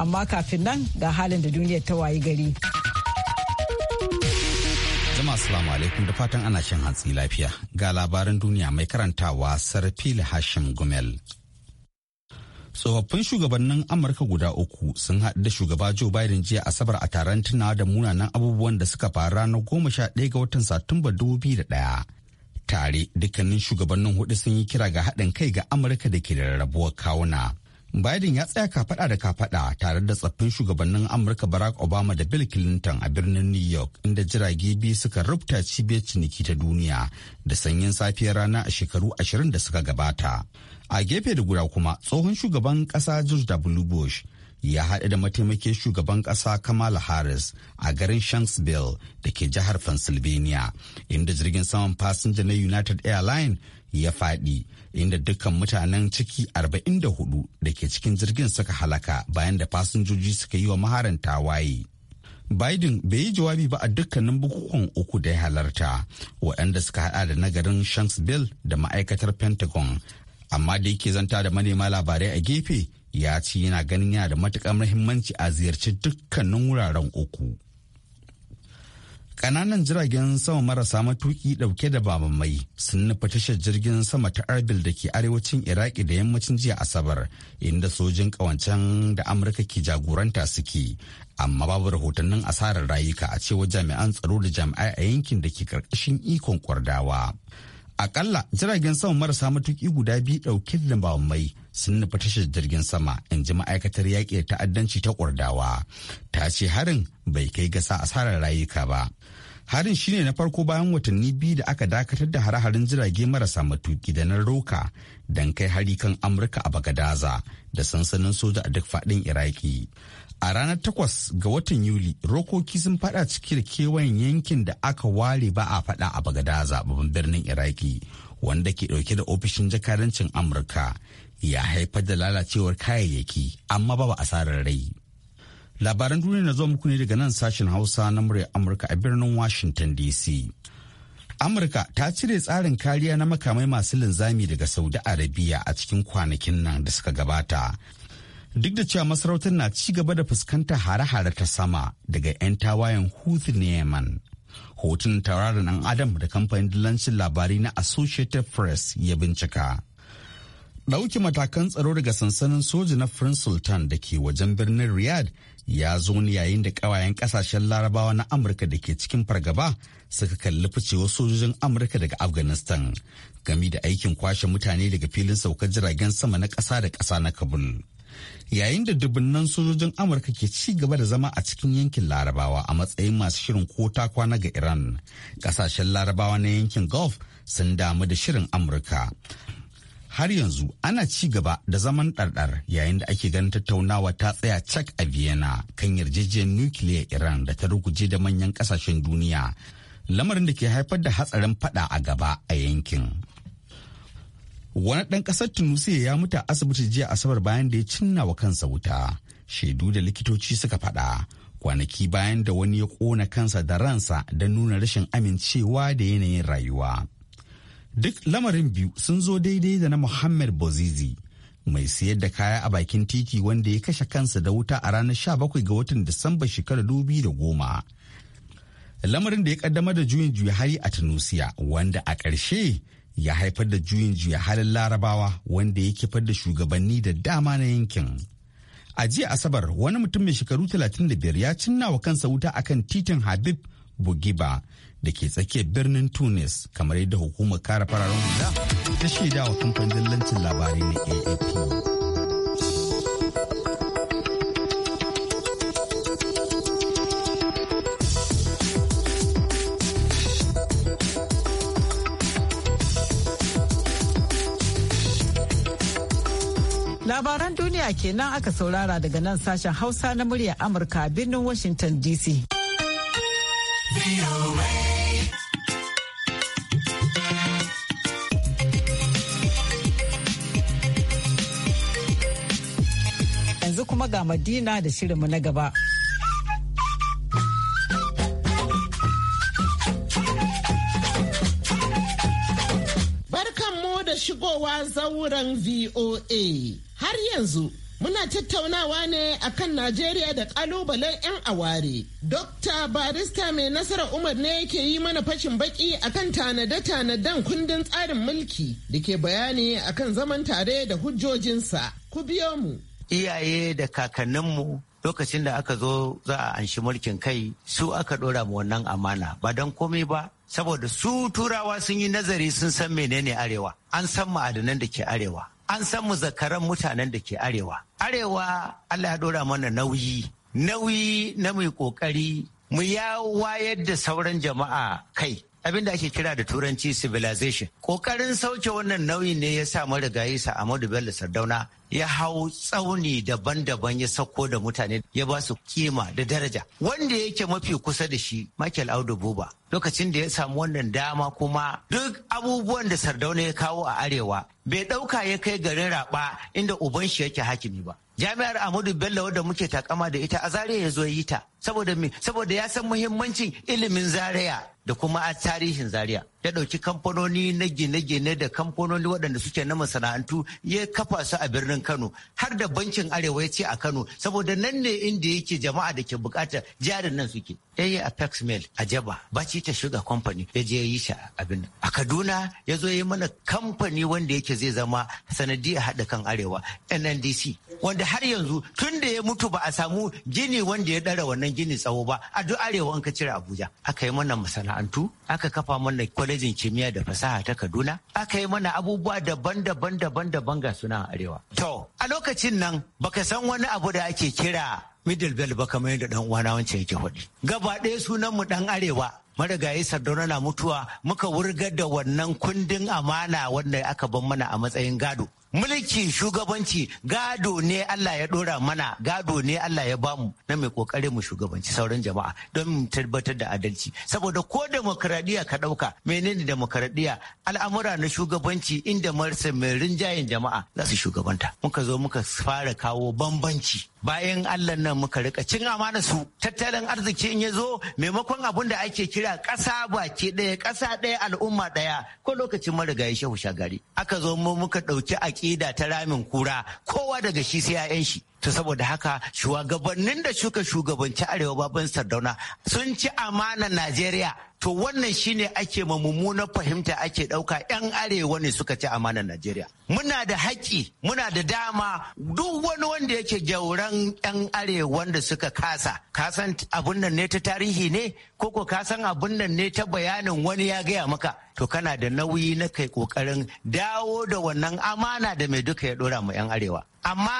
amma kafin nan ga halin da duniyar ta wayi gari. Jama'a salamu alaikum da fatan ana shan hantsi lafiya ga labaran duniya mai karantawa sarfil Hashim Gumel. Tsofaffin shugabannin Amurka guda uku sun haɗu da shugaba Joe Biden jiya Asabar a taron tunawa da munanan abubuwan da suka faru ranar goma sha ɗaya ga watan Satumba dubu biyu da ɗaya. Tare dukkanin shugabannin hudu sun yi kira ga haɗin kai ga Amurka da ke da rarrabuwar kawuna. Biden ya tsaya kafada da kafada tare da tsaffin shugabannin Amurka Barack Obama da Bill Clinton a birnin New York inda jirage biyu suka rubuta cibiyar ciniki ta duniya da sanyin safiyar rana a shekaru ashirin da suka gabata. A gefe da guda kuma tsohon shugaban kasa George W. Bush ya haɗu da mataimakin shugaban ƙasa Kamala Harris a garin Shanksville da ke jihar Pennsylvania, inda jirgin saman fasinja na United Airlines ya faɗi, inda dukkan mutanen ciki 44 da ke cikin jirgin suka halaka bayan da fasinjoji suka yi wa maharan tawaye. Biden bai yi jawabi ba a dukkanin bukukuwan uku da ya halarta, waɗanda suka haɗa da nagarin Shanksville da ma'aikatar Pentagon amma da yake zanta da manema labarai a gefe ya ce yana ganin yana da matuƙar muhimmanci a ziyarci dukkanin wuraren uku. Ƙananan jiragen sama marasa matuƙi ɗauke da bamamai sun nufa tashar jirgin sama ta Arbil da ke arewacin Iraki da yammacin jiya Asabar inda sojin ƙawancen da Amurka ke jagoranta suke. Amma babu rahotannin asarar rayuka a cewa jami'an tsaro da jami'ai a yankin da ke ƙarƙashin ikon kwardawa. Akalla jiragen sama marasa matuki guda biyu ɗauke da bamai sun nufa tashar jirgin sama in ji ma'aikatar yaƙi da ta'addanci ta ƙwardawa. Ta ce harin bai kai gasa asarar rayuka ba. Harin shine na farko bayan watanni biyu da aka dakatar da hare-haren jirage marasa matuki da na roka don kai hari kan Amurka a Bagadaza da sansanin soja a duk faɗin Iraki. a ranar takwas ga watan yuli rokoki sun fada cike da kewayen yankin da aka ware ba a fada a bagada zababin birnin iraki wanda ke dauke da ofishin jakadancin amurka ya haifar da lalacewar kayayyaki amma ba ba asarar rai labaran duniya na zuwa muku ne daga nan sashen hausa na murya amurka a birnin washington dc amurka ta cire tsarin kariya na makamai masu linzami daga saudi arabia a cikin kwanakin nan da suka gabata Duk da cewa masarautar na ci gaba da fuskantar hare-hare ta sama daga 'yan tawayen Houthi na Yemen. Hoton tauraron ɗan Adam da kamfanin dillancin labari na Associated Press ya bincika. Ɗauki matakan tsaro daga sansanin soja na Prince Sultan da ke wajen birnin Riyadh ya zo ne yayin da ƙawayen ƙasashen larabawa na Amurka da ke cikin fargaba suka kalli ficewar sojojin Amurka daga Afghanistan gami da aikin kwashe mutane daga filin saukar jiragen sama na ƙasa da ƙasa na Kabul. yayin da dubunnan sojojin amurka ke ci gaba da zama a cikin yankin larabawa a matsayin masu shirin ko kwana ga iran kasashen larabawa na yankin gulf sun damu da shirin amurka har yanzu ana ci gaba da zaman ɗarɗar yayin da ake ganin tattaunawa ta tsaya cak a vienna kan yarjejiyar nukiliya iran da ta ruguje da manyan kasashen duniya lamarin da ke haifar da hatsarin fada a gaba a yankin wani ɗan ƙasar tunisia ya mutu a asibiti jiya asabar bayan da ya cinna wa kansa wuta shaidu da likitoci suka faɗa kwanaki bayan da wani ya ƙona kansa da ransa don nuna rashin amincewa da yanayin rayuwa duk lamarin biyu sun zo daidai da na muhammad bozizi mai sayar da kaya a bakin titi wanda ya kashe kansa da wuta a ranar 17 ga watan disamba shekarar 2010 lamarin da ya kaddamar da juyin juya hari a tunisia wanda a ƙarshe ya haifar da juyin juya halin larabawa wanda ya kifar da shugabanni da dama na yankin. A jiya Asabar wani mutum mai shekaru 35 ya cinna wa kansa wuta akan titin Habib Bugiba da ke tsakiyar birnin Tunis kamar yadda hukumar kare fararen hula ta shaida wa kamfanin lancin labarai na AAP. Duniya kenan aka saurara daga nan sashen Hausa na muryar Amurka birnin Washington DC. Yanzu kuma ga Madina da shirinmu na gaba. zauren VOA. Har yanzu muna tattaunawa ne akan Najeriya da kalubalen 'yan aware. Dokta Barista mai nasara Umar ne yake yi mana fashin baki akan tanade-tanaden kundin tsarin mulki da ke bayani akan zaman tare da hujjojinsa. Ku biyo mu. Iyaye da kakanninmu lokacin da aka zo za a anshi mulkin kai su aka ɗora mu wannan amana ba don komai ba saboda su turawa sun yi nazari sun san menene arewa an san ma'adanan da ke arewa an san mu zakaran mutanen da ke arewa arewa allah ya dora mana nauyi nauyi na mai kokari mu ya wayar da sauran jama'a kai abin da ake kira da turanci civilization kokarin sauke wannan nauyi ne ya sa marigayi sa amadu bello sardauna ya hau tsauni daban-daban ya sauko da mutane ya ba su kima da daraja wanda yake mafi kusa da shi michael audu buba lokacin da ya samu wannan dama kuma duk abubuwan da sardauna ya kawo a arewa bai ɗauka ya kai garin raba inda uban shi yake hakimi ba jami'ar amadu bello wadda muke takama da ita a zariya ya zo yi ta saboda saboda ya san muhimmancin ilimin zaria da kuma a tarihin zaria ya ɗauki kamfanoni na gine-gine da kamfanoni waɗanda suke na masana'antu ya kafa su a birnin kano har da bankin arewa ya ce a kano saboda nan ne inda yake jama'a da ke bukata jarin nan suke ya yi apex mail a jaba baci ita sugar company ya je ya yi shi abin a kaduna ya zo ya yi mana kamfani wanda yake zai zama sanadiyar haɗa kan arewa nndc wanda har yanzu tun da ya mutu ba a samu gini wanda ya ɗara wannan gini tsawo ba a duk arewa an ka cire abuja aka yi mana masana'antu aka kafa mana kwalejin kimiyya da fasaha ta kaduna aka yi mana abubuwa daban-daban daban-daban ga suna arewa to a lokacin nan baka san wani abu da ake kira middle bell ba kamar yadda dan uwana wancan yake faɗi gaba ɗaya sunan mu dan arewa marigayi sardauna na mutuwa muka wurgar da wannan kundin amana wanda aka ban mana a matsayin gado mulki shugabanci gado ne Allah ya dora mana gado ne Allah ya bamu na mai kokare mu shugabanci sauran jama'a don mu tabbatar da adalci saboda ko demokradiya ka dauka menene demokradiya al'amura na shugabanci inda marsa mai rinjayen jama'a za su shugabanta muka zo muka fara kawo bambanci bayan Allah nan muka rika cin amana su tattalin arziki in ya zo maimakon abun da ake kira kasa baki ɗaya kasa ɗaya al'umma ɗaya ko lokacin marigayi shehu shagari aka zo mu muka ɗauki aƙida ta ramin kura kowa daga shi sai 'ya'yan shi to saboda haka shugabannin da suka shugabanci arewa baban sardauna sun ci amana najeriya to wannan shine ake ma mummunar fahimta ake dauka yan arewa ne suka ci amana najeriya muna da haƙƙi muna da dama duk wani wanda yake gyauran yan arewa wanda suka kasa kasan abun nan ne ta tarihi ne ko ko kasan abun nan ne ta bayanin wani ya gaya maka to kana da nauyi na kai kokarin dawo da wannan amana da mai duka ya dora mu yan arewa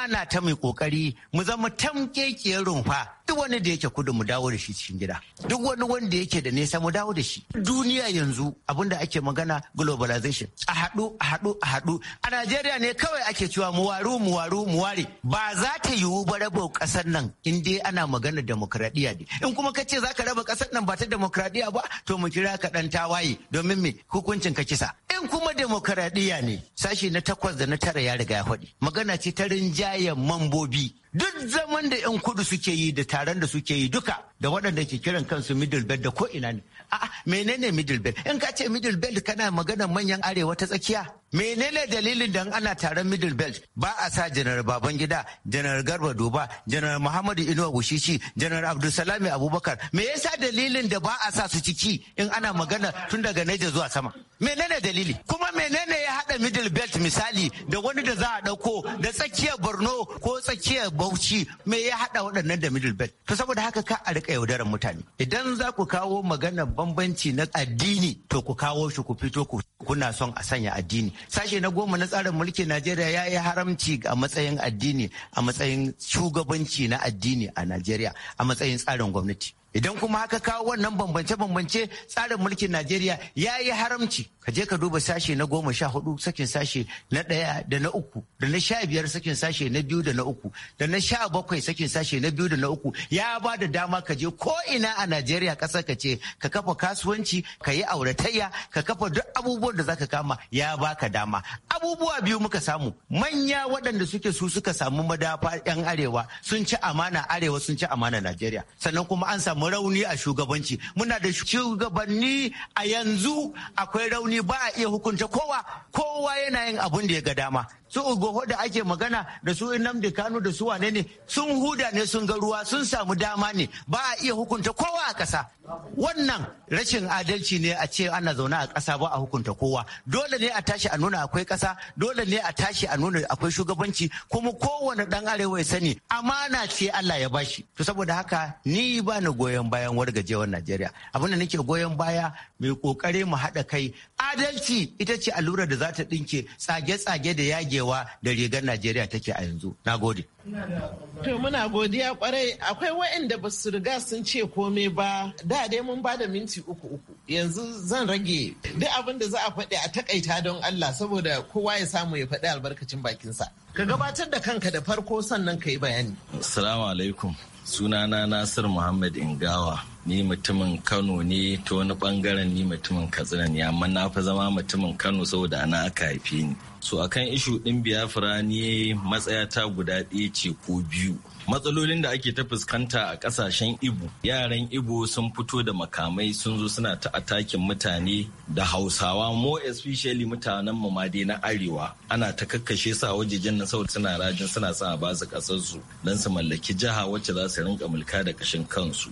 na ta mai kokari mu zama tamkekiyar rumfa duk wani da yake kudu mu dawo da shi cikin gida duk wani wanda yake da nesa mu dawo da shi duniya yanzu abin da ake magana globalization a haɗu a haɗu a haɗu a najeriya ne kawai ake cewa mu waru mu waru mu ware ba za ta yiwu ba raba ƙasar nan in dai ana magana demokradiyya ne in kuma ka ce za ka raba ƙasar nan ba ta demokradiyya ba to mu kira ka ɗan tawaye domin me hukuncin ka kisa in kuma demokradiyya ne sashi na takwas da na tara ya riga ya faɗi magana ce ta rinjayen mambobi duk zaman da 'yan kudu suke yi da taron da suke yi duka da waɗanda ke kiran kansu middle belt da ko ina ne a'a menene middle belt in ka ce middle belt kana maganar manyan arewa ta tsakiya menene dalilin da ana taron middle belt ba a sa janar babangida janar garba duba janar muhammadu inuwa gushishi janar abdulsalami abubakar me yasa dalilin da ba a sa su ciki in ana magana tun daga naija zuwa sama menene dalili kuma menene ya hada middle belt misali da wani da za a dauko da tsakiyar borno ko tsakiyar bauchi me ya hada waɗannan da middle belt to saboda haka ka a rika yaudarar mutane idan za ku kawo magana bambanci na addini to ku kawo shi ku fito ku kuna son a sanya addini sashe na goma na tsarin mulkin najeriya ya yi haramci a matsayin addini a matsayin shugabanci na addini a najeriya a matsayin tsarin gwamnati idan kuma haka kawo wannan bambance-bambance tsarin mulkin najeriya ya yi haramci ka je ka duba sashe na goma sha hudu sakin sashe na ɗaya da na uku da na sha biyar sakin sashe na biyu da na uku da na sha bakwai sakin sashe na biyu da na uku ya ba da dama ka je ko ina a najeriya ƙasa ka ce ka kafa kasuwanci ka yi auratayya ka kafa duk abubuwan da zaka kama ya baka dama abubuwa biyu muka samu manya waɗanda suke su suka samu madafa 'yan arewa sun ci amana arewa sun ci amana najeriya sannan kuma an samu rauni a shugabanci muna da shugabanni a yanzu akwai rauni ba a iya hukunta kowa kowa yana yin abun da ya ga dama su ugoho da ake magana da su Nnamdi Kanu da su wane ne sun huda ne sun ga ruwa sun samu dama ne ba a iya hukunta kowa a ƙasa wannan rashin adalci ne a ce ana zaune a ƙasa ba a hukunta kowa dole ne a tashi a nuna akwai ƙasa dole ne a tashi a nuna akwai shugabanci kuma kowane ɗan arewa ya sani amana ce Allah ya bashi to saboda haka ni ba ni goyon bayan wargajewar Najeriya abin da nake goyon baya mai kokare mu haɗa kai adalci ita ce allurar da za ta ɗinke tsage-tsage da yage arewa da rigar najeriya take a yanzu na gode To muna godiya kwarai akwai waɗanda ba su riga sun ce komai ba da dai mun ba da minti uku uku yanzu zan rage duk abin da za a faɗi a takaita don Allah saboda kowa ya samu ya faɗi albarkacin bakinsa. Ka gabatar da kanka da farko sannan ka yi bayani. Assalamu alaikum sunana Nasir Muhammad Ingawa ni mutumin kano ne ta wani bangaren ni mutumin katsina ne amma na fi zama mutumin kano saboda ana aka haife ni so akan ishu din biyafra ni matsayata guda ɗaya ce ko biyu matsalolin da ake ta fuskanta a kasashen ibo yaran ibo sun fito da makamai sun zo suna ta atakin mutane da hausawa mo especially mutanen Mamadi na arewa ana ta kakkashe su a wajejen na saboda suna rajin suna sa a basu kasar su dan su mallaki jiha wacce za su rinka mulka da kashin kansu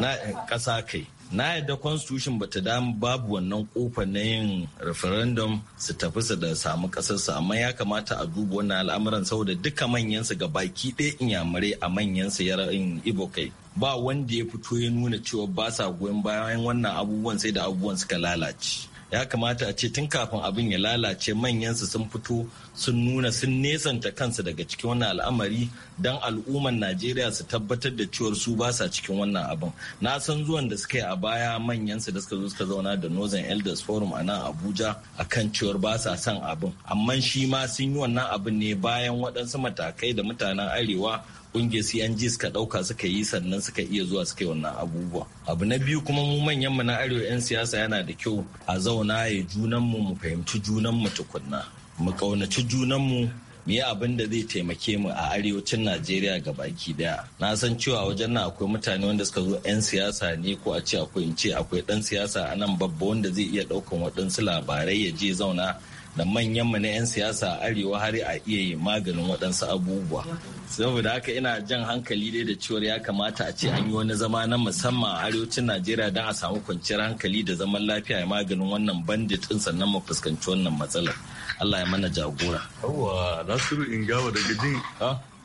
na kasa kai na yadda constitution bata damu babu wannan kofa na yin referendum su tafi su da samu su amma ya kamata a duba wannan al'amuran saboda duka manyansu ga baki ɗaya inyamurai a manyansu yaran ibo kai ba wanda ya fito ya nuna cewa ba sa goyon bayan wannan abubuwan sai da abubuwan suka lalace ya kamata a ce tun kafin abin ya lalace manyansu sun fito sun nuna sun nesanta kansu daga cikin wannan al'amari don al'ummar najeriya su tabbatar da cewar su ba sa cikin wannan abin na san zuwan da suka yi a baya manyansu da suka zo suka zauna da northern elders forum a nan abuja a kan cewar ba sa son abin amma shi ma sun yi wannan abin ne bayan waɗansu matakai da mutanen arewa kungiyar CNGs suka dauka suka yi sannan suka iya zuwa suka yi wannan abubuwa abu na biyu kuma mu manyan mu na arewa yan siyasa yana da kyau a zauna ya junan mu mu fahimci junanmu mu tukunna mu kaunaci junan mu yi abin da zai taimake mu a arewacin najeriya ga baki daya na san cewa wajen nan akwai mutane wanda suka zo 'yan siyasa ne ko a ce akwai ce akwai dan siyasa a nan babba wanda zai iya daukan waɗansu labarai ya je zauna da manyan mu na 'yan siyasa a arewa har a iya yi maganin waɗansu abubuwa saboda haka ina jan hankali dai da cewar ya kamata a ce an yi wani zama na musamman a arewacin najeriya don a samu kwanciyar hankali da zaman lafiya ya maganin wannan banditin sannan mu fuskanci wannan matsalar allah ya mana jagora awa nasiru ingawa daga jin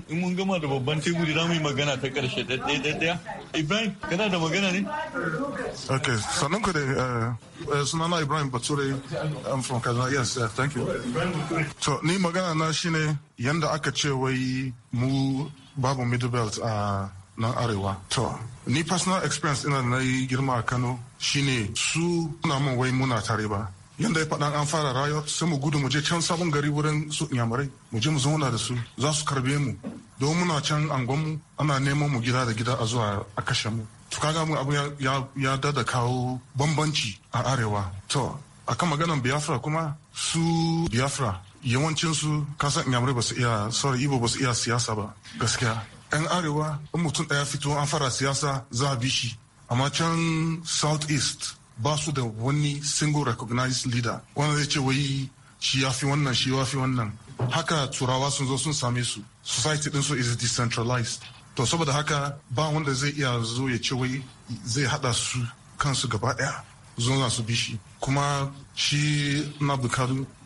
in mun gama da babban teburi za mu yi magana ta karshe ɗaya ɗaya Ibrahim, kana da magana ne? Okay, sannan ku da eh, eh, sunana Ibrahim Bature, I'm from Kaduna. Yes, uh, thank you. To, ni magana na shine yanda aka ce wai mu babu middle belt a nan arewa. To, ni personal experience ina na yi girma a Kano shine su na mun wai muna tare ba. yanda ya faɗa an fara rayuwar sai mu gudu mu je can sabon gari wurin su inyamurai mu je mu zauna da su za su karbe mu don muna can angon mu ana neman mu gida da gida a zuwa a kashe mu to kaga mu abu ya dada kawo bambanci a arewa to akan maganan biafra kuma su biafra yawancin su kasan inyamurai ba su iya sorry ibo ba su iya siyasa ba gaskiya yan arewa in mutum daya fito an fara siyasa za a bi shi amma can south east ba su da wani single recognized leader wanda zai ce wai shi ya fi wannan shi ya fi wannan haka turawa sun zo sun same su society din su is decentralized to saboda haka ba wanda zai iya zo ya ce wai zai hada su kansu gaba daya zo su bi shi kuma shi na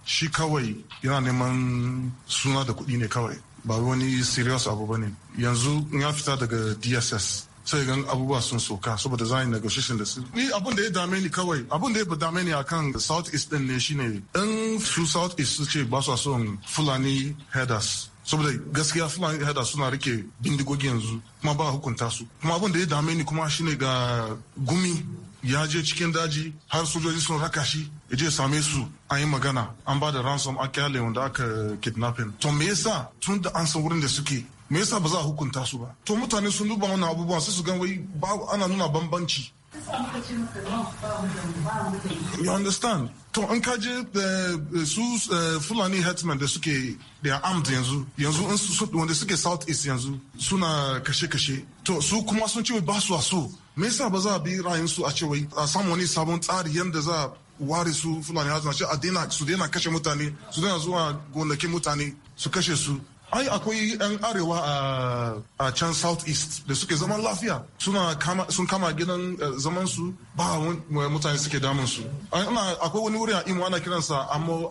shi kawai yana neman suna da kuɗi ne kawai ba wani serious abu ba ne yanzu ya fita daga dss sai gan abubuwa sun soka saboda za a yi negotiation da su ni abin da ya dame ni kawai abin da ya dame ni kan. south east din ne shine in su south east su ce ba su son fulani headers saboda gaskiya fulani headers suna rike bindigogi yanzu kuma ba hukunta su kuma abin da ya dame ni kuma shine ga gumi ya je cikin daji har sojoji sun raka shi ya je same su an yi magana an ba da ransom a kyale da aka kidnapping to me yasa tun da an san wurin da suke me yasa ba za a hukunta su ba to mutane sun duba wannan abubuwa sai su gan wai ana nuna bambanci you understand to an kaje eh, su eh, fulani herdsmen da suke da armed yanzu yanzu wanda suke south east yanzu suna kashe-kashe to su kuma sun ce ba su a so me yasa ba za a bi su a ce wai a samu wani sabon tsari yanda za a ware su fulani a dena su daina kashe mutane su daina zuwa gonakin mutane su kashe su ai akwai yan arewa a can south east da suke zaman lafiya sun kama gidan eh, zaman su ba mutane suke damun su akwai wani wuri a imo ana kiransa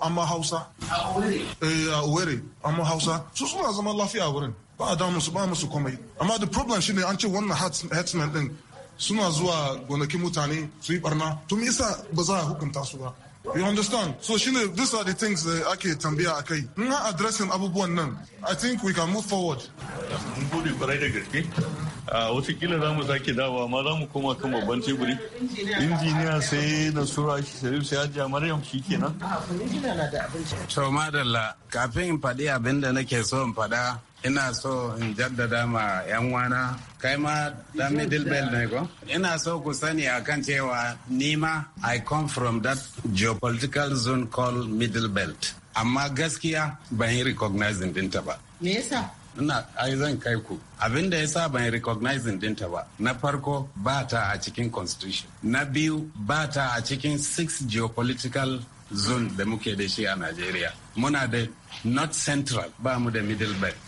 amma hausa a uwere eh, amma hausa su suna zaman lafiya wurin ba a damun su ba musu komai amma the problem shine an ce wannan hatsman din suna zuwa gonakin mutane su yi barna to me yasa ba za a hukunta su ba You understand? So shine these are the things that eh, ake tambaya a kai. In an addressing abubuwan nan, I think we can move forward. Mun gode kwarai da gaske. Ah, watakila za mu sake dawa ma za mu koma kan babban teburi. Injiniya sai na shi Sharif sai Hajiya Maryam shi kenan. To madalla kafin in faɗi abin da nake so in faɗa ina so in jaddada ma 'yan wana kai ma dan middle belt ne ko ina so ku sani a kan cewa nima i come from that geopolitical zone called middle belt amma gaskiya ban yi recognizing dinta ba me yasa ina ai zan kai ku abin da yasa ban recognizing dinta ba na farko ba ta a cikin constitution na biyu ba ta a cikin six geopolitical zone da muke da shi a Najeriya. Muna da North Central ba mu da Middle Belt.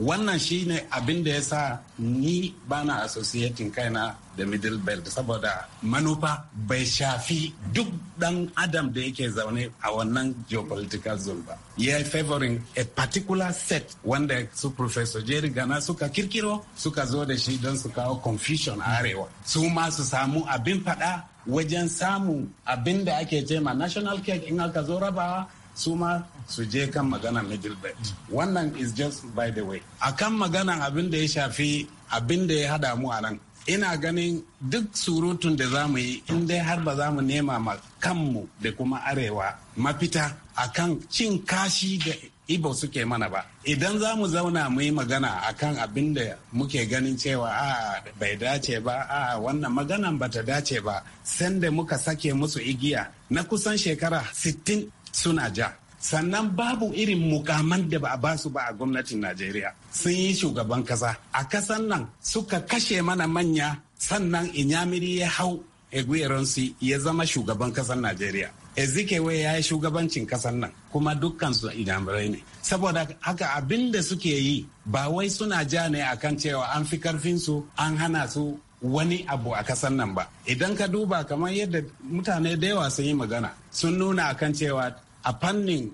wannan shine abin da ya sa ni bana associating kaina da middle belt saboda manufa bai shafi duk dan adam da yake zaune a wannan geopolitical zone ba ya favoring a particular set wanda su professor jerry gana suka kirkiro suka zo da shi don su kawo confusion a arewa su ma su samu abin fada wajen samu abin da ake cema national cake in aka zo rabawa su ma su je kan magana middle belt wannan is just by the way A kan maganan abin da ya shafi abin da ya hada mu a nan ina ganin duk surutun da za mu yi in dai har ba za mu nema ma kanmu da kuma arewa mafita a kan cin kashi da ibo suke mana ba idan za mu zauna mu yi magana a kan abin da muke ganin cewa a bai dace ba a wannan maganan ta dace ba sanda muka sake musu igiya na kusan shekara 60 suna ja sannan babu irin mukaman da ba a basu ba a gwamnatin najeriya sun yi shugaban kasa a kasan nan suka kashe mana manya sannan inyamiri ya hau egweronsi ya zama shugaban kasan najeriya Ezekiel ya yi shugabancin kasan nan kuma su inyamirai ne saboda haka abin da suke yi ba wai suna ja ne akan cewa an fi karfinsu an hana su wani abu a kasan nan ba idan ka duba kamar yadda mutane da yawa sun yi magana sun nuna akan cewa a fannin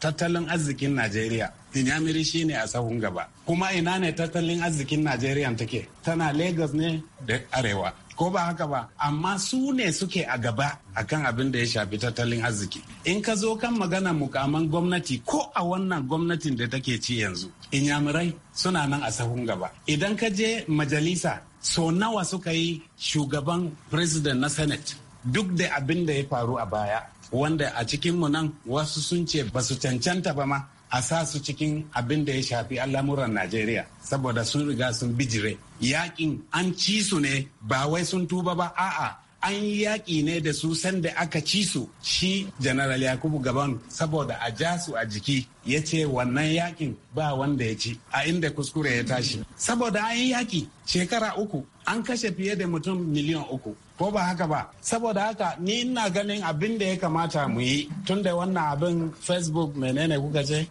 tattalin arzikin najeriya Inyamiri shi ne a sahun gaba kuma ina ne tattalin arzikin najeriya take tana lagos ne da arewa ko ba haka ba amma su ne suke a gaba a kan abin da ya shafi tattalin arziki in ka zo kan magana mukaman gwamnati ko a wannan gwamnatin da take ci yanzu Inyamirai suna nan a sahun gaba idan ka je majalisa so nawa suka yi shugaban president na senate duk da abin da ya faru a baya wanda a cikin mu nan wasu sun ce ba su cancanta ba ma a sa su cikin abin da ya shafi al'amuran Najeriya saboda sun riga sun bijire. Yakin an ci su ne ba wai sun tuba ba a'a an yi yaƙi ne da su sanda aka ci su shi General Yakubu Gaban saboda a ja su a jiki ya ce wannan yakin ba wanda ya ci a inda kuskure ya tashi. Saboda an yi yaƙi shekara uku an kashe fiye da mutum miliyan uku ko ba haka ba saboda haka ni ina ganin abin da ya kamata mu yi tunda wannan abin facebook menene kuka ce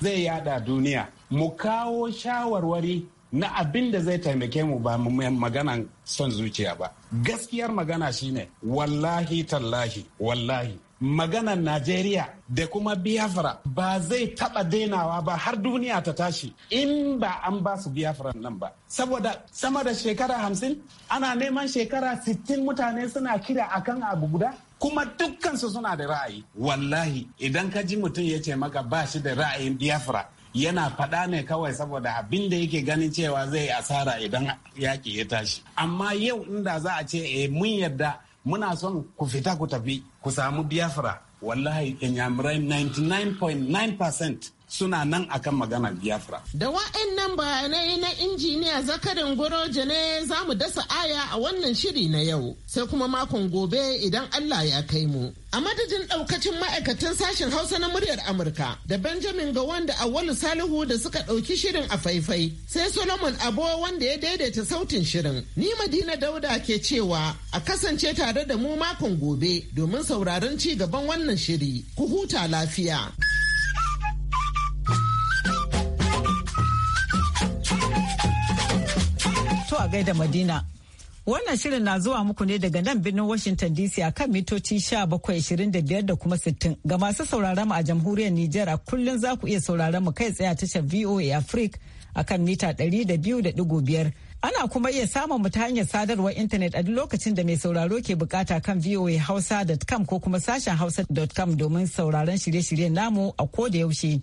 zai yada duniya mu kawo shawarwari na abin da zai taimake mu ba mu maganan son zuciya ba gaskiyar magana shine wallahi tallahi wallahi maganar Najeriya da kuma Biafra ba zai taɓa dainawa ba har duniya ta tashi in ba an ba su Biafra nan ba. Saboda sama da shekara hamsin ana neman shekara sittin mutane suna kira a kan abu guda. kuma dukkansu suna da ra'ayi wallahi idan ka ji mutum ya ce maka ba shi da ra'ayin biafra yana faɗa ne kawai saboda abin da yake ganin cewa zai asara idan yaƙi ya tashi amma yau inda za a ce eh, mun yarda muna son ku fita ku tafi ku samu biafra wallahi inyamurai 99.9% suna nan akan magana biafra. Da wa'annan bayanai na injiniya zakarin goroje ne za mu dasa aya a wannan shiri na yau sai kuma makon gobe idan Allah ya kai mu. A madadin daukacin ma'aikatan sashen Hausa na muryar Amurka da Benjamin ga wanda Auwalu Salihu da suka ɗauki shirin a faifai sai Solomon Abo wanda ya daidaita sautin shirin. Ni Madina Dauda ke cewa a kasance tare da mu makon gobe domin sauraron ci gaban wannan shiri. Ku huta lafiya. To a gaida Madina. Wannan shirin na zuwa muku ne daga nan birnin Washington DC a kan mitoci 1725 da biyar da kuma sittin ga masu sauraron mu a jamhuriyar Nijar a kullum za ku iya sauraron mu kai tsaye a tashar VOA Africa a kan mita biyar Ana kuma iya samun mu ta hanyar sadarwar intanet a duk lokacin da mai sauraro ke bukata kan voahausa.com ko kuma sashen hausa.com domin sauraron shirye-shiryen namu a ko da yaushe.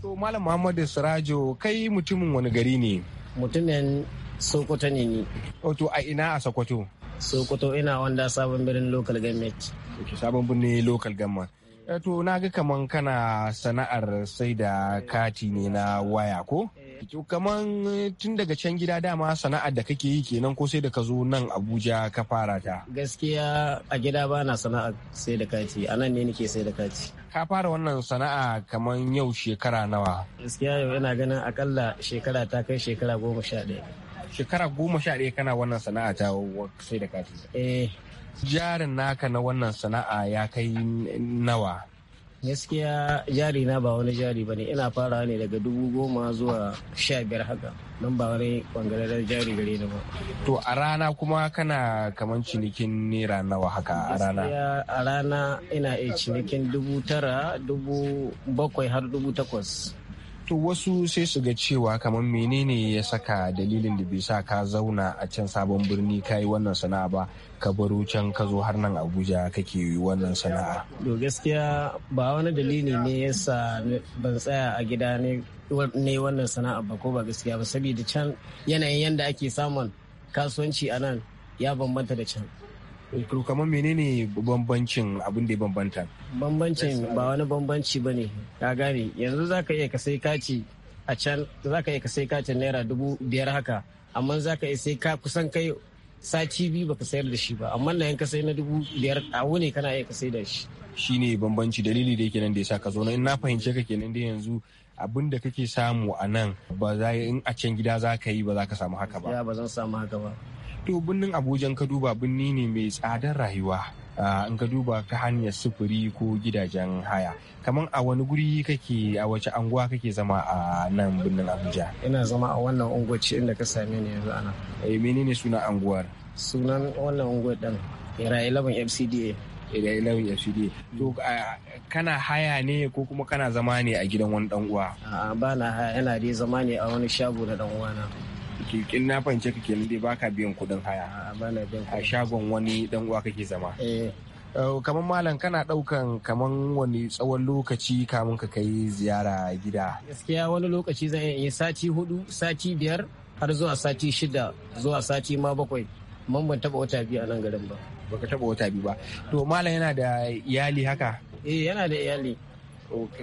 To Malam Muhammadu Sirajo kai mutumin wani gari ne? Mutumin Sokoto ne ni. Wato a ina a Sokoto? Sokoto ina wanda sabon birnin local government. Okay, sabon birnin local government. Eh, to na ga kaman kana sana'ar sai da kati ne na waya ko? To kaman tun daga can gida dama sana'ar da kake yi kenan ko sai da ka zo nan Abuja ka fara ta? Gaskiya a gida ba na sana'ar sai da kati, a nan ne nake sai da kati. ka fara wannan sana'a kamar yau shekara nawa gaskiya yau ina ganin akalla shekara ta kai shekara goma sha ɗaya shekara goma sha ɗaya kana wannan sana'a ta sai da kati eh jarin naka na wannan sana'a ya kai nawa gaskiya jari na ba wani jari ba ne ina fara ne daga dubu goma zuwa sha biyar haka nan ba wani bangaren jari gare ni ba to a rana kuma kana kaman cinikin naira nawa haka a rana a rana ina iya cinikin dubu tara dubu bakwai har dubu takwas to wasu sai su ga cewa kamar menene ya saka dalilin da bai sa ka zauna a can sabon birni ka yi wannan sana'a ba ka baro can ka zo har nan abuja kake yi wannan sana'a to gaskiya ba wani dalili ne ya sa ban tsaya a gida ne wannan sana'a ba ko ba gaskiya ba saboda can yanayin yanda ake samun kasuwanci a nan ya bambanta da can kamar menene bambancin abin da ya bambanta bambancin ba wani bambanci ba ne ka gane yanzu za ka iya ka sai kaci a can za ka iya ka sai kacin naira dubu biyar haka amma za ka iya sai ka kusan kai sati biyu baka sayar da shi ba amma na ka sai na dubu biyar a wuni kana iya ka sai da shi shine bambanci dalili da yake nan da ya sa ka zo in na fahimce ka kenan da yanzu abin da kake samu a nan ba za in a can gida za ka yi ba za ka samu haka ba. Ya ba zan samu haka ba. to birnin abuja ka duba birni ne mai tsadar rayuwa in ka duba ta hanyar sufuri ko gidajen haya kamar a wani guri kake a wace anguwa kake zama a nan birnin abuja ina zama a wannan unguwar inda ka same ni yanzu ana eh menene sunan anguwar sunan wannan unguwar din era 11 fcda era 11 fcda to kana haya ne ko kuma kana zama ne a gidan wani dan uwa a'a ba na haya ina dai zama ne a wani shago da dan uwana kin na fahimce ka kenan dai baka biyan kuɗin haya a shagon wani dan uwa kake zama eh, eh, kamar malam kana daukan kamar wani tsawon lokaci kamun ka kai ziyara gida gaskiya wani lokaci zan iya sati hudu sati biyar har zuwa sati shida zuwa sati ma bakwai mun ban taba wata biyu a nan garin ba baka taba wata biyu ba to malam yana da iyali haka eh yana da iyali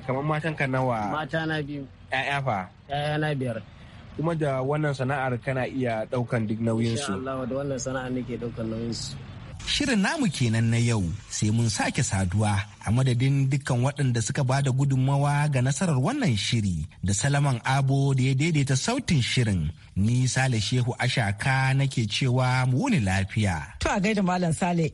kamar matan ka nawa mata na biyu ƴaƴa fa ƴaƴa na biyar kuma da wannan sana'ar kana iya daukan duk nauyin da wannan sana'ar nake daukan nauyin su Shirin namu kenan na yau sai mun sake saduwa a madadin dukkan waɗanda suka ba da gudunmawa ga nasarar wannan shiri da Salaman Abo da ya daidaita sautin shirin. Ni Sale Shehu Ashaka nake cewa mu wuni lafiya. To a gaida Malam Sale.